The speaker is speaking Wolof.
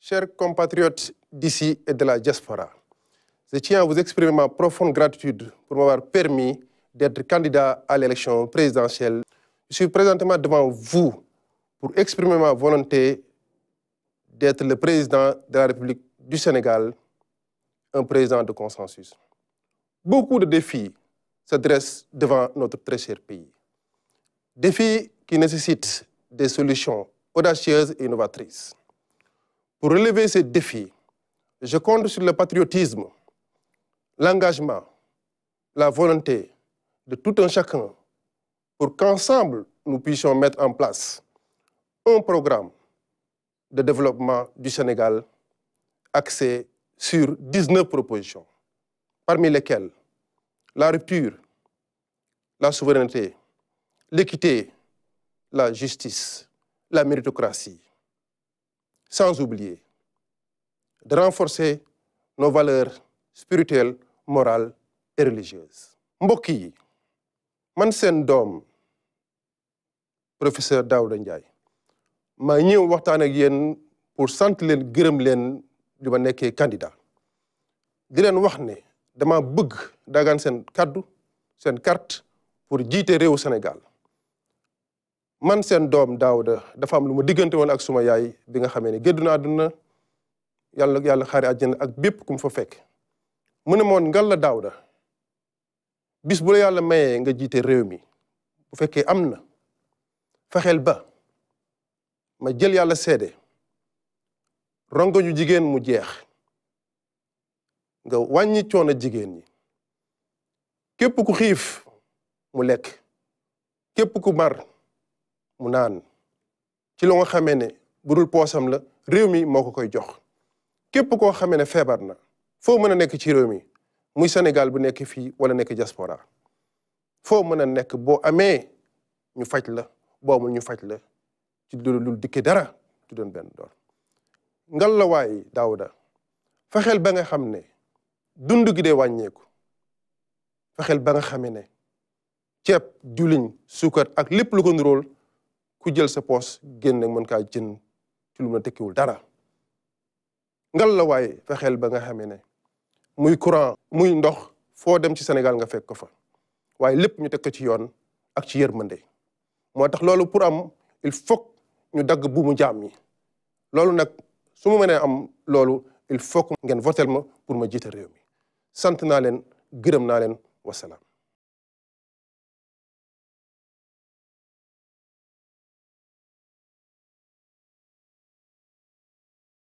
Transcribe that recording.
Chers compatriotes d'ici et de la diaspora, je tiens à vous exprimer ma profonde gratitude pour m'avoir permis d'être candidat à l'élection présidentielle. Je suis présentement devant vous pour exprimer ma volonté d'être le président de la République du Sénégal, un président de consensus. Beaucoup de défis s'adressent devant notre très cher pays. Défis qui nécessitent des solutions audacieuses et innovatrices. Pour relever ces défis, je compte sur le patriotisme, l'engagement, la volonté de tout un chacun pour qu'ensemble nous puissions mettre en place un programme de développement du Sénégal axé sur 19 propositions, parmi lesquelles la rupture, la souveraineté, l'équité, la justice, la méritocratie, sans oublier de renforcer nos valeurs spirituelles, morales et religieuses. Mboki, Mansen man professeur Daouda Ndiaye ma suis ak pour sant leen gërëm leen di candidat Je suis wax ne dama bëgg sen carte pour giter au Sénégal man seen doom Daawuda dafa am lu ma diggante woon ak suma yaay bi nga xamee ne gédd naa àdduna yàlla yàlla xaari àjjana ak bépp ku mu fa fekk mu ne moon ngal la Daawuda bis bu la yàlla mayee nga jiite réew mi bu fekkee am na fexeel ba ma jël yàlla seede rongo ñu jigéen mu jeex nga wàññi coono jigéen ñi képp ku xiif mu lekk képp ku mar mu naan ci lu nga xamee ne bu dul poosam la réew mi moo ko koy jox képp koo xame ne feebar na foo mën a nekk ci réew mi muy Sénégal bu nekk fii wala nekk jaspora foo mën a nekk boo amee ñu faj la boo amul ñu faj la ci lu dikke dara du doon benn dool ngal la waay Daouda fexeel ba nga xam ne dund gi dee wàññeeku fexeel ba nga xamee ne ceeb diwlin suukar ak lépp lu ko nuróol ku jël sa poos génn mën kaa jën ci lu mu la tekkiwul dara ngal la waaye fexeel ba nga xamee ne muy courant muy ndox foo dem ci Sénégal nga fekk ko fa waaye lépp ñu teg ko ci yoon ak ci yërmande moo tax loolu pour am il faut ñu dagg bu mu jaam mi loolu nag su ma mënee am loolu il faut ngeen votel ma pour ma jiite réew mi sant naa leen gërëm naa leen wasalaam